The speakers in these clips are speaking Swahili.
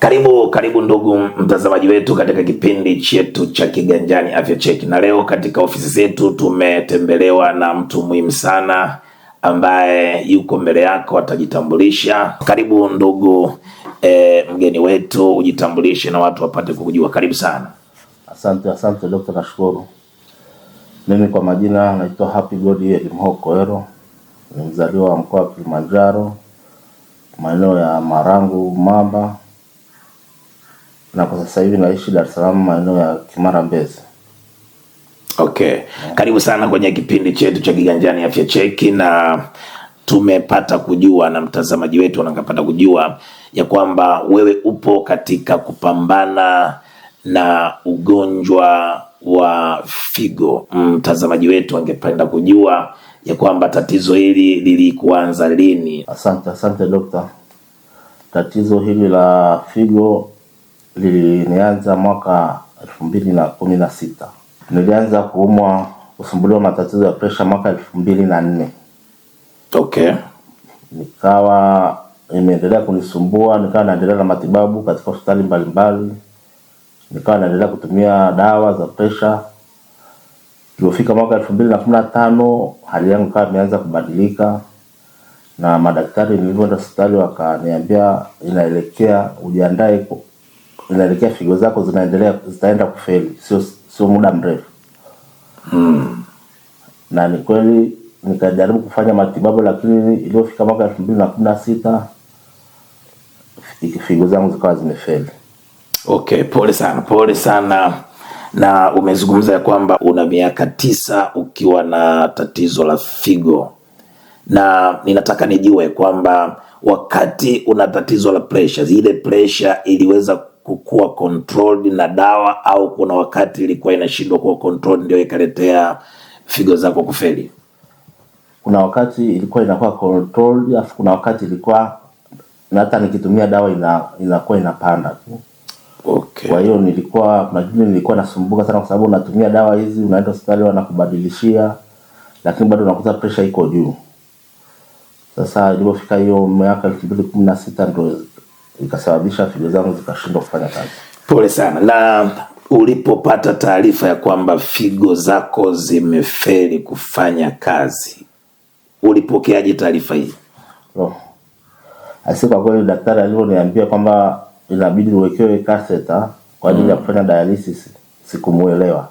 Karibu karibu ndugu mtazamaji wetu katika kipindi chetu cha Kiganjani Afya Check, na leo katika ofisi zetu tumetembelewa na mtu muhimu sana ambaye yuko mbele yako atajitambulisha. Karibu ndugu e, mgeni wetu, ujitambulishe na watu wapate kukujua. Karibu sana. Asante asante dokta, nashukuru. Mimi kwa majina naitwa Happy God Elimho Koero, ni mzaliwa wa mkoa wa Kilimanjaro, maeneo ya Marangu Mamba na kwa sasa hivi naishi Dar es Salaam maeneo ya Kimara Mbezi. Okay. Yeah. Karibu sana kwenye kipindi chetu cha Kiganjani Afya Cheki na tumepata kujua na mtazamaji wetu anapata kujua ya kwamba wewe upo katika kupambana na ugonjwa wa figo. Mm, mtazamaji wetu angependa kujua ya kwamba tatizo hili lilikuanza lini? Asante, asante dokta. Tatizo hili la figo lilianza mwaka elfu mbili na kumi na sita. Nilianza kuumwa kusumbuliwa matatizo ya presha mwaka elfu mbili na nne. Okay. Nikawa imeendelea kunisumbua, nikawa naendelea na matibabu katika hospitali mbalimbali, nikawa naendelea kutumia dawa za presha. Tulipofika mwaka elfu mbili na kumi na tano hali yangu ikawa imeanza kubadilika, na madaktari nilivyoenda hospitali wakaniambia, inaelekea ujiandae unaelekea figo zako zinaendelea zitaenda kufeli, sio sio muda mrefu hmm. Na ni kweli nikajaribu kufanya matibabu, lakini iliyofika mwaka elfu mbili na kumi na sita figo zangu zikawa zimefeli. Okay, pole sana, pole sana na umezungumza ya kwamba una miaka tisa ukiwa na tatizo la figo, na ninataka nijue kwamba wakati una tatizo la pressure, ile pressure iliweza kukuwa controlled na dawa, au kuna wakati ilikuwa inashindwa kuwa controlled, ndio ikaletea figo zako kufeli? Kuna wakati ilikuwa inakuwa controlled, afu kuna wakati ilikuwa na hata nikitumia dawa ina, inakuwa inapanda tu. Okay. Kwa hiyo nilikuwa kuna kipindi nilikuwa nasumbuka sana kwa sababu unatumia dawa hizi, unaenda hospitali wanakubadilishia, lakini bado unakuta pressure iko juu. Sasa ilipofika hiyo miaka elfu mbili kumi na sita ndo ikasababisha figo zangu zikashindwa kufanya kazi. Pole sana. Na ulipopata taarifa ya kwamba figo zako zimefeli kufanya kazi, ulipokeaje taarifa hii? No. Oh. Asi, kwa kweli daktari alivyoniambia kwamba inabidi uwekewe kaseta kwa ajili ya mm. kufanya dialysis, sikumuelewa.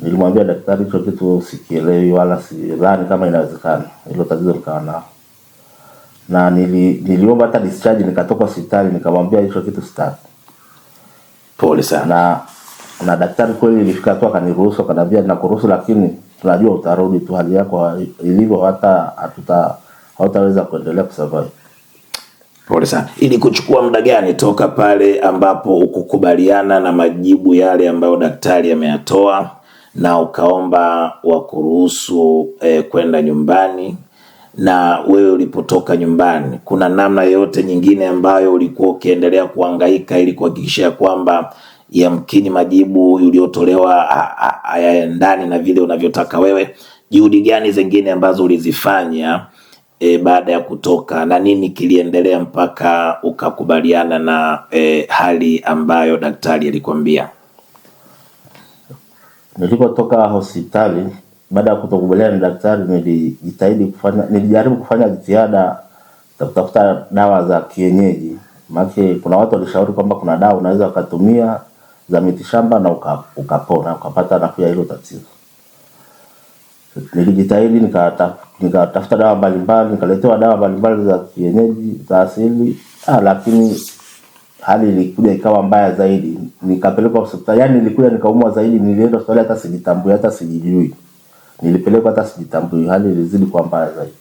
Nilimwambia daktari hicho kitu sikielewi, wala sidhani kama inawezekana ilo tatizo likawa nao na nili, niliomba hata discharge nikatoka hospitali nikamwambia hicho kitu sitaki. Pole sana. Na na daktari kweli ilifika tu akaniruhusu akaniambia ninakuruhusu, lakini tunajua utarudi tu hali yako ilivyo, hata hatuta hautaweza kuendelea kusurvive. Pole sana. Ili kuchukua muda gani toka pale ambapo ukukubaliana na majibu yale ambayo daktari ameyatoa na ukaomba wakuruhusu eh, kwenda nyumbani na wewe ulipotoka nyumbani. Kuna namna yoyote nyingine ambayo ulikuwa ukiendelea kuangaika ili kuhakikisha kwamba yamkini majibu uliotolewa hayaendani na vile unavyotaka wewe? Juhudi gani zingine ambazo ulizifanya e, baada ya kutoka na nini kiliendelea mpaka ukakubaliana na e, hali ambayo daktari alikwambia? Nilipotoka hospitali baada ya kutokubaliana na daktari, nilijitahidi kufanya, nilijaribu kufanya jitihada za kutafuta dawa za kienyeji, maana kuna watu walishauri kwamba kuna dawa unaweza ukatumia za mitishamba na ukapona ukapata nafuu ya hilo tatizo. Nilijitahidi nikatafuta dawa mbalimbali, nikaletewa dawa mbalimbali za kienyeji za asili ah, lakini hali ilikuja ikawa mbaya zaidi, nikapelekwa hospitali. Yani nilikuja nikaumwa zaidi, nilienda hospitali hata sijitambui hata sijijui nilipelekwa hata sijitambui, yaani hali ilizidi kuwa mbaya zaidi.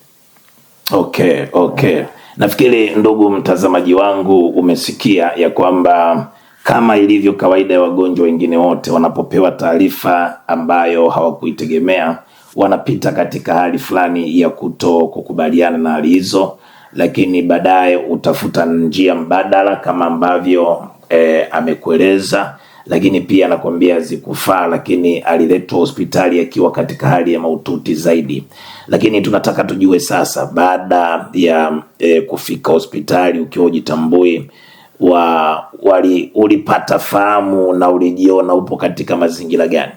Okay, okay. Yeah. Nafikiri ndugu mtazamaji wangu umesikia ya kwamba kama ilivyo kawaida ya wagonjwa wengine wote wanapopewa taarifa ambayo hawakuitegemea wanapita katika hali fulani ya kuto kukubaliana na hali hizo, lakini baadaye utafuta njia mbadala kama ambavyo eh, amekueleza lakini pia anakwambia zikufaa, lakini aliletwa hospitali akiwa katika hali ya maututi zaidi. Lakini tunataka tujue sasa, baada ya e, kufika hospitali ukiwa ujitambui wa wali ulipata fahamu na ulijiona upo katika mazingira gani?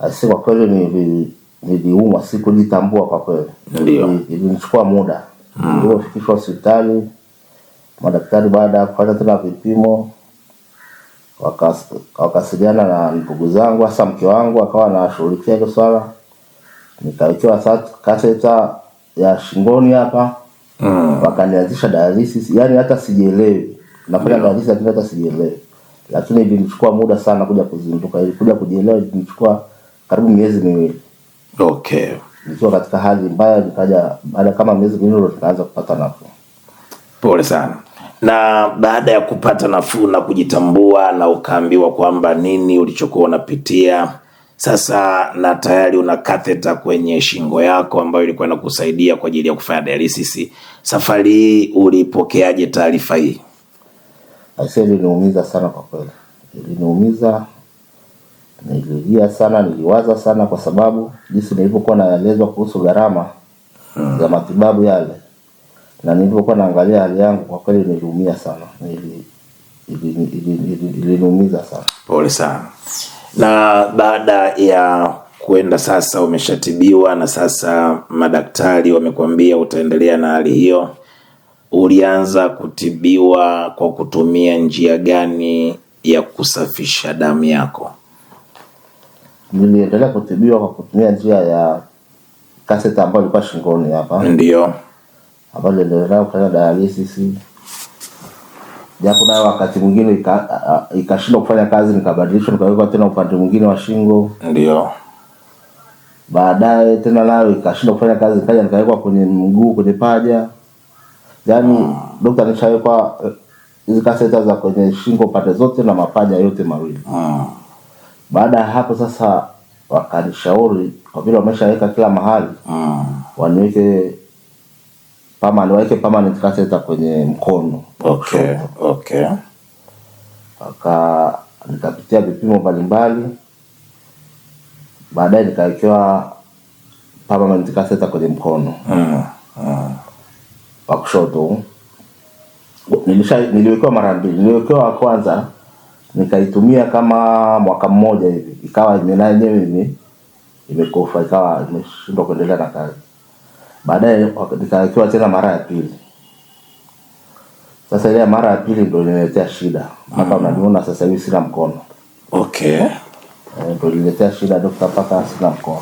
Asi, kwa kweli niliumwa, sikujitambua kwa kweli, ndio ilinichukua muda. Hmm. Nilipofikishwa hospitali madaktari, baada ya kupata tena vipimo wakawasiliana na ndugu zangu, hasa mke wangu akawa anashughulikia hilo swala. Nikawekewa kaseta ya shingoni hapa mm. wakanianzisha dialysis, yani hata sijielewi nafanya yeah. dialysis lakini hata sijielewi, lakini ilinichukua muda sana kuja kuzinduka, ili kuja kujielewa ilinichukua karibu miezi miwili okay, nikiwa katika hali mbaya, nikaja baada kama miezi miwili ndo nikaanza kupata nafuu. Pole sana na baada ya kupata nafuu na kujitambua na ukaambiwa kwamba nini ulichokuwa unapitia sasa, na tayari una katheta kwenye shingo yako ambayo ilikuwa inakusaidia kwa ajili ya kufanya dialysis. Safari hii ulipokeaje taarifa hii? Aisee, iliniumiza sana kwa kweli, iliniumiza nililia sana, niliwaza sana, kwa sababu jinsi nilivyokuwa naelezwa kuhusu gharama hmm. za matibabu yale na nilipokuwa naangalia hali yangu kwa kweli niliumia sana, iliniumiza sana. Pole sana. Na baada ya kwenda sasa, umeshatibiwa na sasa madaktari wamekwambia utaendelea na hali hiyo, ulianza kutibiwa kwa kutumia njia gani ya kusafisha damu yako? Niliendelea kutibiwa kwa kutumia njia ya kaseta ambayo ilikuwa shingoni hapa, ndio ambalo liliendelea kufanya dialysis, japo nayo wakati mwingine ikashindwa kufanya kazi, nikabadilishwa nikawekwa tena upande mwingine wa shingo, ndio baadaye tena nayo ikashindwa kufanya kazi, nikaja nikawekwa kwenye mguu, kwenye paja. Yani hmm. Dokta nishawekwa eh, hizi kaseta za kwenye shingo pande zote na mapaja yote mawili hmm. Baada ya hapo sasa wakanishauri kwa vile wameshaweka kila mahali hmm. waniweke permanent, waweke permanent kwenye mkono. Okay, okay. Aka nikapitia vipimo mbalimbali, baadaye nikawekewa permanent kaseta kwenye mkono mm, mm. wa kushoto. niliwekewa mara mbili, niliwekewa kwanza nikaitumia kama mwaka mmoja hivi, ikawa imenyenyewe ime imekufa, ikawa imeshindwa kuendelea na kazi baadaye nikawekewa tena mara ya pili. Sasa ile mara ya pili ndo iliniletea shida mpaka mm. unaniona sasa hivi sina mkono. Okay. Eh, ndio iliniletea shida dokta, mpaka sina mkono.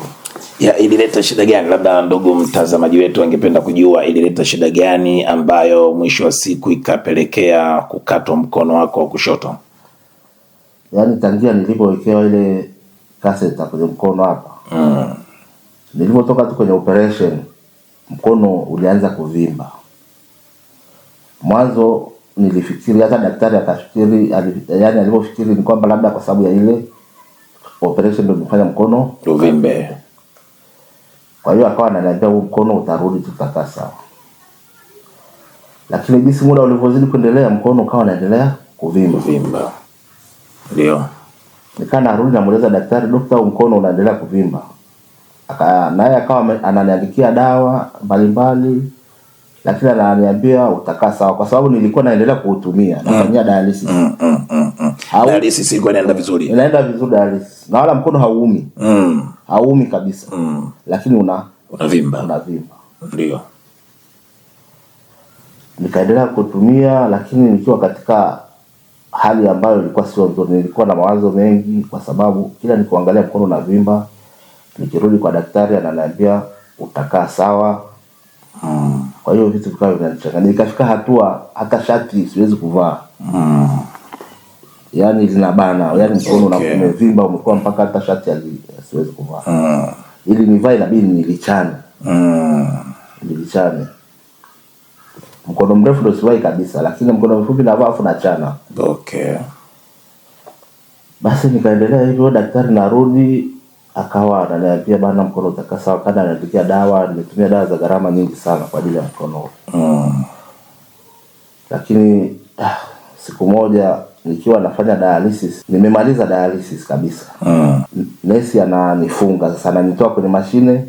Ya, ilileta shida gani? Labda ndugu mtazamaji wetu angependa kujua ilileta shida gani ambayo mwisho wa siku ikapelekea kukatwa mkono wako wa kushoto. Yaani tangia nilipowekewa ile kaseta kwenye mkono hapa mm. nilipotoka tu kwenye operation mkono ulianza kuvimba. Mwanzo nilifikiri hata daktari akafikiri, yani alivyofikiri ni kwamba labda kwa sababu ya ile operation ndio imefanya mkono uvimbe. Kwa hiyo akawa ananiambia huu mkono utarudi, tutakaa sawa. Lakini jinsi muda ulivyozidi kuendelea, mkono ukawa unaendelea kuvimba vimba, ndio nikaa narudi, namueleza daktari, dokta, mkono unaendelea kuvimba naye akawa ananiandikia dawa mbalimbali, lakini ananiambia utakaa sawa, kwa sababu nilikuwa naendelea kuutumia mm. nafanyia dialysis. mm, mm, mm, mm. Dialysis ilikuwa inaenda vizuri, inaenda vizuri dialysis, na wala mkono hauumi, mm. hauumi kabisa, mm. lakini una unavimba, unavimba ndio nikaendelea kutumia, lakini nikiwa katika hali ambayo ilikuwa sio nzuri. Nilikuwa na mawazo mengi, kwa sababu kila nikuangalia mkono unavimba Nikirudi kwa daktari ananiambia utakaa sawa. Mm. Kwa hiyo vitu vikawa vinanichanganya. Nikafika hatua hata shati siwezi kuvaa. Mm. Yaani linabana, yani mkono okay, umevimba umekuwa mpaka hata shati siwezi kuvaa. Mm. Ili nivae inabidi nilichane. Mm. Nilichane. Mkono mrefu ndo siwai kabisa, lakini mkono mfupi navaa afu nachana. Okay. Basi nikaendelea hivyo, daktari narudi akawa ananiambia bana, mkono utakaa sawa. Kada ananipikia dawa, nimetumia dawa za gharama nyingi sana kwa ajili ya mkono huo mm. Lakini ah, siku moja nikiwa nafanya dialysis, nimemaliza dialysis kabisa mm. Nesi ananifunga sasa, ananitoa kwenye mashine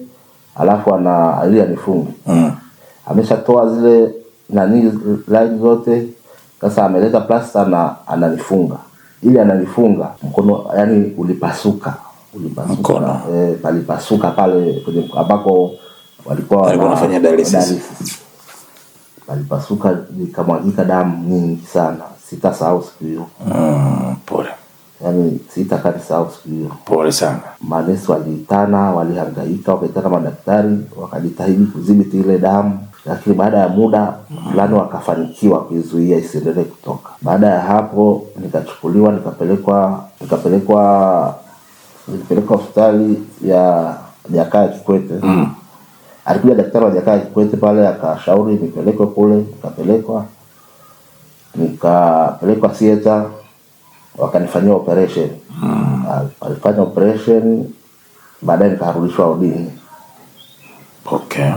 alafu ana ili anifunge mm. Ameshatoa zile nani line zote, sasa ameleta plasta na ananifunga, ili ananifunga mkono yani ulipasuka ulipasuka eh, palipasuka pale kwenye ambako walikuwa wanafanya dialysis palipasuka nikamwagika damu nyingi sana, sita sitasahau siku hiyo. Mm, pole yaani sita sitakaa nisahau siku hiyo. Pole sana. Manesi waliitana, walihangaika, wakaitana madaktari, wakajitahidi kudhibiti ile damu, lakini baada ya muda fulani wakafanikiwa kuizuia isiendelee kutoka. Baada ya hapo, nikachukuliwa nikapelekwa nikapelekwa nilipelekwa hospitali ya Jakaya Kikwete mm. Alikuja daktari wa Jakaya Kikwete pale akashauri nipelekwe kule, nikapelekwa nikapelekwa sieta, wakanifanyia operation mm. Alifanya operation baadaye nikarudishwa odini Okay,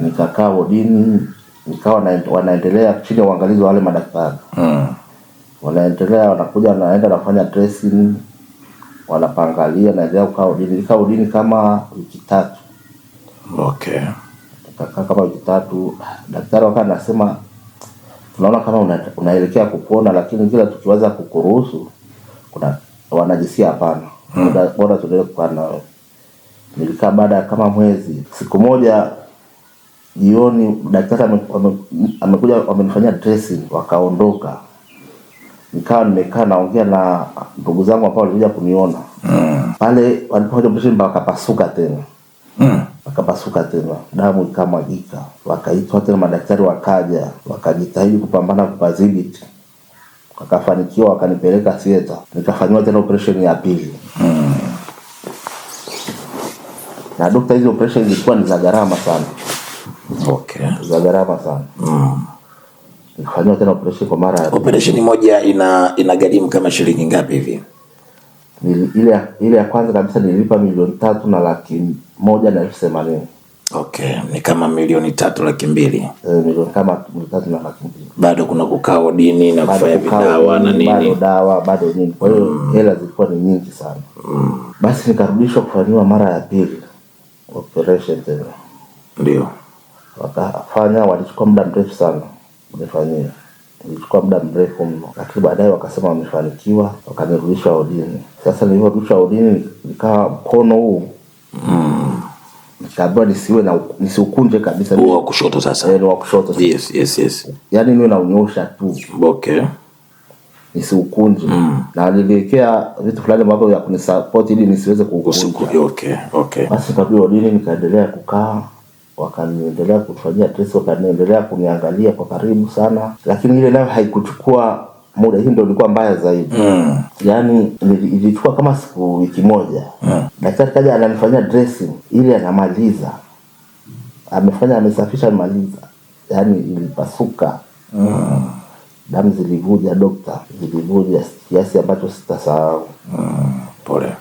nikakaa odini nikawa wanaendelea chini ya uangalizi wa wale madaktari mm. Wanaendelea wanakuja wanaenda wanafanya dressing wanapangalia na ndio kwa udini ilikaa udini kama wiki tatu. Okay. Kaka kama wiki tatu, daktari wakaa anasema tunaona kama una, unaelekea kupona, lakini kila tukiweza kukuruhusu kuna wanajisikia hapana, bora hmm. bora tuendelee kukaa nawe. Nilikaa baada ya kama mwezi, siku moja jioni daktari amekuja ame, ame, ame amenifanyia dressing, wakaondoka nikawa nimekaa naongea na ndugu zangu ambao walikuja kuniona mm. pale walipokuja mshimba wakapasuka tena mm. wakapasuka tena, damu ikamwagika, wakaitwa tena madaktari, wakaja wakajitahidi kupambana kupadhibiti, wakafanikiwa, wakanipeleka sieta nikafanyiwa tena operesheni ya pili mm. na dokta, hizi operesheni zilikuwa ni za gharama sana, okay. za gharama sana mm. Nafanyia tena operation kwa mara ya operation moja ina inagharimu kama shilingi ngapi hivi? Ile ile ya kwanza kabisa nilipa milioni tatu na laki moja na elfu themanini. Okay, ni kama milioni tatu laki mbili. E, milioni kama milioni tatu na laki mbili. Bado kuna kukaa wodini na kufanya vidawa na nini? Bado dawa, bado nini. Kwa hiyo mm. hela zilikuwa ni nyingi sana. Mm. Basi nikarudishwa kufanyiwa mara ya pili. Operation tena. Ndio. Wakafanya, walichukua muda mrefu sana. Nimefanyia ilichukua muda mrefu mno, lakini baadaye wakasema wamefanikiwa, wakanirudisha udini. Sasa nilivyorudishwa udini, nikawa mkono huu mm. nikaambiwa nisiwe na nisiukunje kabisa, huu wa kushoto sasa, eh, wa kushoto sasa. Yes, yes, yes, yani niwe naunyosha tu, okay, nisiukunje mm. na niliwekea vitu fulani ambavyo vya kunisupport ili nisiweze kuukunja. Okay, okay, basi kabla dini, nikaendelea kukaa wakaniendelea kufanyia test, wakaniendelea kuniangalia kwa karibu sana, lakini ile nayo haikuchukua muda. Hii ndio ilikuwa mbaya zaidi mm. Yani ilichukua kama siku wiki moja mm. Daktari kaja ananifanyia dressing ile, anamaliza amefanya, amesafisha, amaliza, yani ilipasuka mm. Damu zilivuja dokta, zilivuja kiasi ambacho sitasahau mm. Pole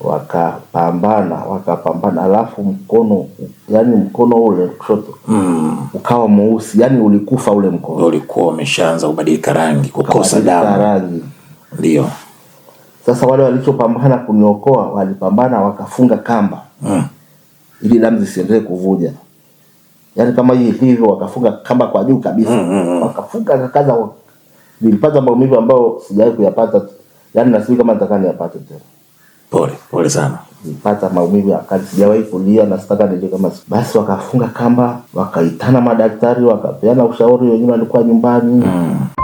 wakapambana wakapambana, alafu mkono yani mkono ule kushoto mm. ukawa mweusi, yani ulikufa ule mkono, ulikuwa umeshaanza kubadilika rangi, kukosa damu Ndio sasa wale walichopambana kuniokoa walipambana, wakafunga kamba mm. ili damu zisiendelee kuvuja, yani kama hii hivyo, wakafunga kamba kwa juu kabisa mm, mm, mm. wakafunga kakaza, nilipata maumivu ambayo sijawahi kuyapata, yani nasii kama nitakaa niyapate tena Pole pole sana. nipata maumivu ya kali, sijawahi kulia na sitaka nije kama basi. Wakafunga kamba, wakaitana madaktari, wakapeana ushauri, wenyewe walikuwa nyumbani mm.